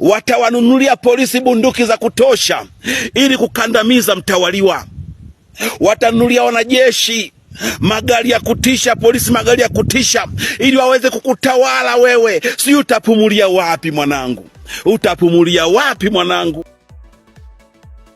watawanunulia polisi bunduki za kutosha ili kukandamiza mtawaliwa, watanunulia wanajeshi magari ya kutisha, polisi magari ya kutisha, ili waweze kukutawala wewe. Sijui utapumulia wapi mwanangu, utapumulia wapi mwanangu?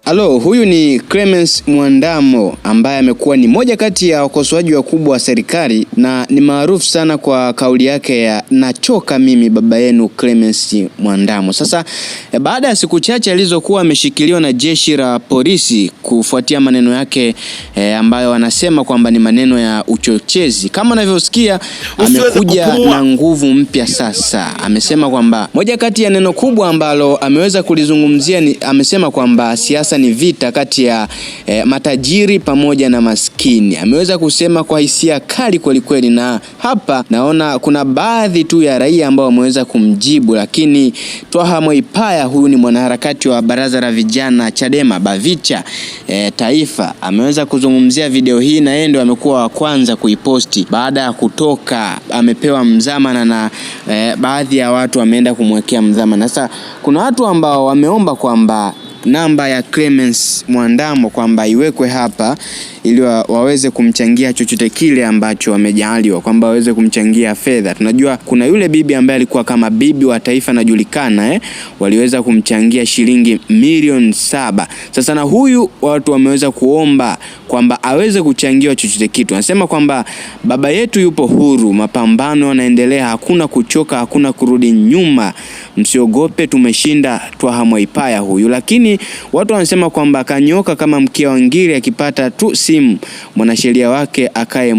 Halo, huyu ni Clemence Mwandamo ambaye amekuwa ni moja kati ya wakosoaji wakubwa wa serikali na ni maarufu sana kwa kauli yake ya nachoka mimi baba yenu Clemence Mwandamo. Sasa eh, baada ya siku chache alizokuwa ameshikiliwa na jeshi la polisi kufuatia maneno yake e, ambayo anasema kwamba ni maneno ya uchochezi. Kama unavyosikia amekuja na nguvu mpya sasa. Amesema kwamba moja kati ya neno kubwa ambalo ameweza kulizungumzia ni amesema kwamba siasa sasa ni vita kati ya eh, matajiri pamoja na maskini. Ameweza kusema kwa hisia kali kwelikweli, na hapa naona kuna baadhi tu ya raia ambao wameweza kumjibu, lakini Twaha Mwipaya huyu ni mwanaharakati wa baraza la vijana Chadema Bavicha eh, taifa ameweza kuzungumzia video hii na yeye ndio amekuwa wa kwanza kuiposti baada ya kutoka, amepewa mzamana na eh, baadhi ya watu wameenda kumwekea mzamana. Sasa kuna watu ambao wameomba kwamba namba ya clemens Mwandamo kwamba iwekwe hapa ili wa, waweze kumchangia chochote kile ambacho wamejaliwa kwamba waweze kumchangia fedha. Tunajua kuna yule bibi ambaye alikuwa kama bibi wa taifa anajulikana, eh, waliweza kumchangia shilingi milioni saba. Sasa na huyu watu wameweza kuomba kwamba aweze kuchangiwa chochote kitu. Anasema kwamba baba yetu yupo huru, mapambano yanaendelea, hakuna kuchoka, hakuna kurudi nyuma, msiogope, tumeshinda, twahamwaipaya huyu. Lakini watu wanasema kwamba kanyoka kama mkia wa ngiri akipata tu si simu mwanasheria wake akae,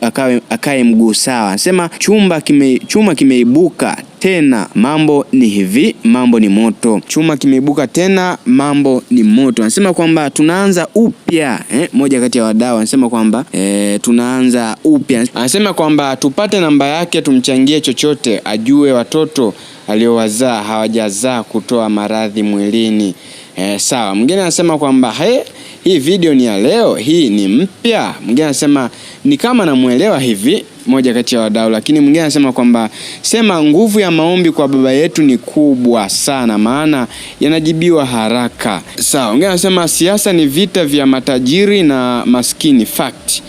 akae, akae mguu sawa. Anasema chumba kime, chuma kimeibuka tena, mambo ni hivi, mambo ni moto. Chuma kimeibuka tena, mambo ni moto. Anasema kwamba tunaanza upya eh, moja kati ya wadau anasema kwamba eh, tunaanza upya. Anasema kwamba tupate namba yake, tumchangie chochote, ajue watoto aliowazaa hawajazaa kutoa maradhi mwilini. E, sawa. Mwingine anasema kwamba he, hii video ni ya leo, hii ni mpya. Mwingine anasema ni kama namuelewa hivi, moja kati ya wadau. Lakini mwingine anasema kwamba sema, nguvu ya maombi kwa baba yetu ni kubwa sana, maana yanajibiwa haraka. Sawa. Mwingine anasema siasa ni vita vya matajiri na maskini, fact.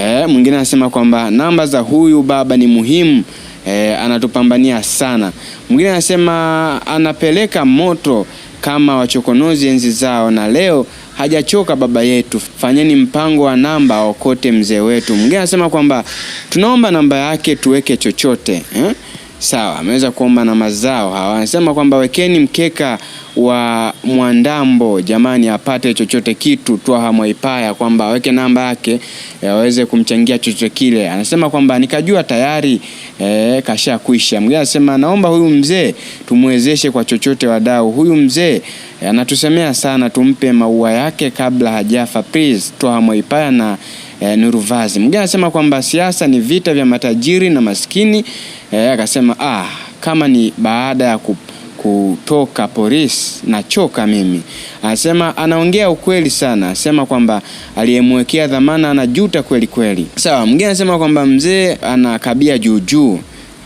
E, mwingine anasema kwamba namba za huyu baba ni muhimu e, anatupambania sana. Mwingine anasema anapeleka moto kama wachokonozi enzi zao, na leo hajachoka baba yetu. Fanyeni mpango wa namba okote mzee wetu. Mwingine anasema kwamba tunaomba namba yake tuweke chochote eh? Sawa, ameweza kuomba namba zao hawa. Anasema kwamba wekeni mkeka wa Mwandambo jamani, apate chochote kitu Twaha Mwaipaya, kwamba aweke namba yake eh, aweze kumchangia chochote kile. Anasema kwamba nikajua tayari e, kasha kuisha. Mgeni anasema naomba huyu mzee tumwezeshe kwa chochote, wadau. Huyu mzee eh, anatusemea sana, tumpe maua yake kabla hajafa please. Twaha Mwaipaya na E, Nuruvazi. Mgeni anasema kwamba siasa ni vita vya matajiri na maskini. E, akasema ah, kama ni baada ya ku kutoka polisi na choka mimi. Anasema anaongea ukweli sana, anasema kwamba aliyemwekea dhamana anajuta kweli kweli. Sawa, mwingine anasema kwamba mzee anakabia juu juu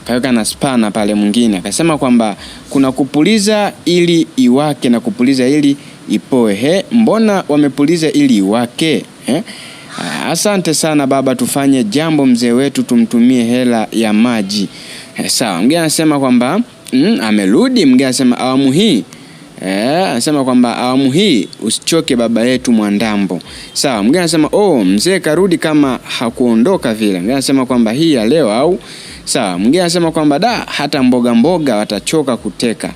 kaweka na spana pale. Mwingine akasema kwamba kuna kupuliza ili iwake na kupuliza ili ipoe. He, mbona wamepuliza ili iwake? He? Asante sana baba, tufanye jambo mzee wetu, tumtumie hela ya maji. Sawa, mwingine anasema kwamba mm, amerudi Mgaya asema awamu hii eh, anasema e, kwamba awamu hii usichoke baba yetu Mwandambo. Sawa, Mgaya anasema oh, mzee karudi kama hakuondoka vile. Mgaya anasema kwamba hii ya leo au sawa. Mgaya anasema kwamba da, hata mboga mboga watachoka kuteka.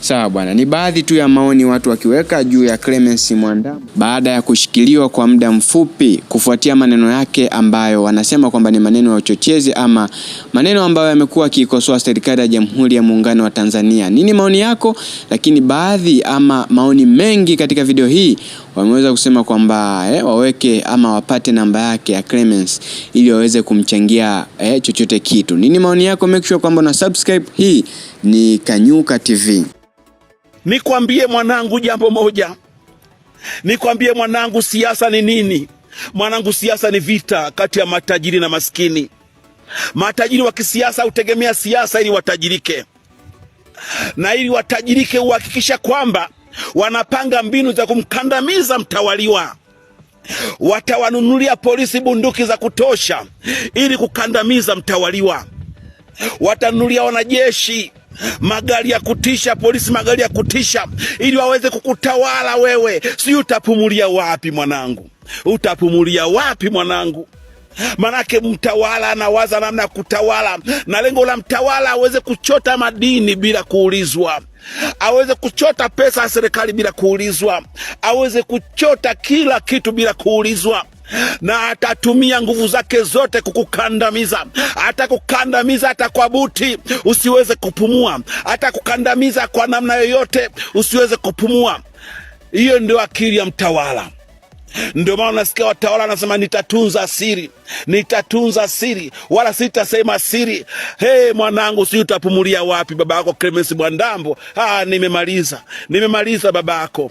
Sawa bwana, ni baadhi tu ya maoni watu wakiweka juu ya Clemence Mwandambo baada ya kushikiliwa kwa muda mfupi kufuatia maneno yake ambayo wanasema kwamba ni maneno ya uchochezi ama maneno ambayo yamekuwa akiikosoa serikali ya Jamhuri ya Muungano wa Tanzania. Nini maoni yako? Lakini baadhi ama maoni mengi katika video hii wameweza kusema kwamba eh, waweke ama wapate namba yake ya Clemence ili waweze kumchangia eh, chochote kitu. Nini maoni yako? Make sure kwamba una subscribe. Hii ni Kanyuka TV. Nikwambie mwanangu jambo moja, nikwambie mwanangu, siasa ni nini? Mwanangu, siasa ni vita kati ya matajiri na maskini. Matajiri wa kisiasa hutegemea siasa ili watajirike, na ili watajirike huhakikisha kwamba wanapanga mbinu za kumkandamiza mtawaliwa. Watawanunulia polisi bunduki za kutosha ili kukandamiza mtawaliwa. Watanunulia wanajeshi magari ya kutisha, polisi, magari ya kutisha, ili waweze kukutawala wewe. Sijui utapumulia wapi mwanangu, utapumulia wapi mwanangu? Manake mtawala anawaza namna ya kutawala, na lengo la mtawala aweze kuchota madini bila kuulizwa, aweze kuchota pesa ya serikali bila kuulizwa, aweze kuchota kila kitu bila kuulizwa na atatumia nguvu zake zote kukukandamiza. Atakukandamiza hata kwa buti usiweze kupumua, atakukandamiza kwa namna yoyote usiweze kupumua. Hiyo ndio akili ya mtawala. Ndio maana unasikia watawala anasema nitatunza siri, nitatunza siri, wala sitasema siri. Hey, mwanangu, sijui utapumulia wapi? Baba yako Clemens Mwandambo, ah, nimemaliza, nimemaliza baba yako.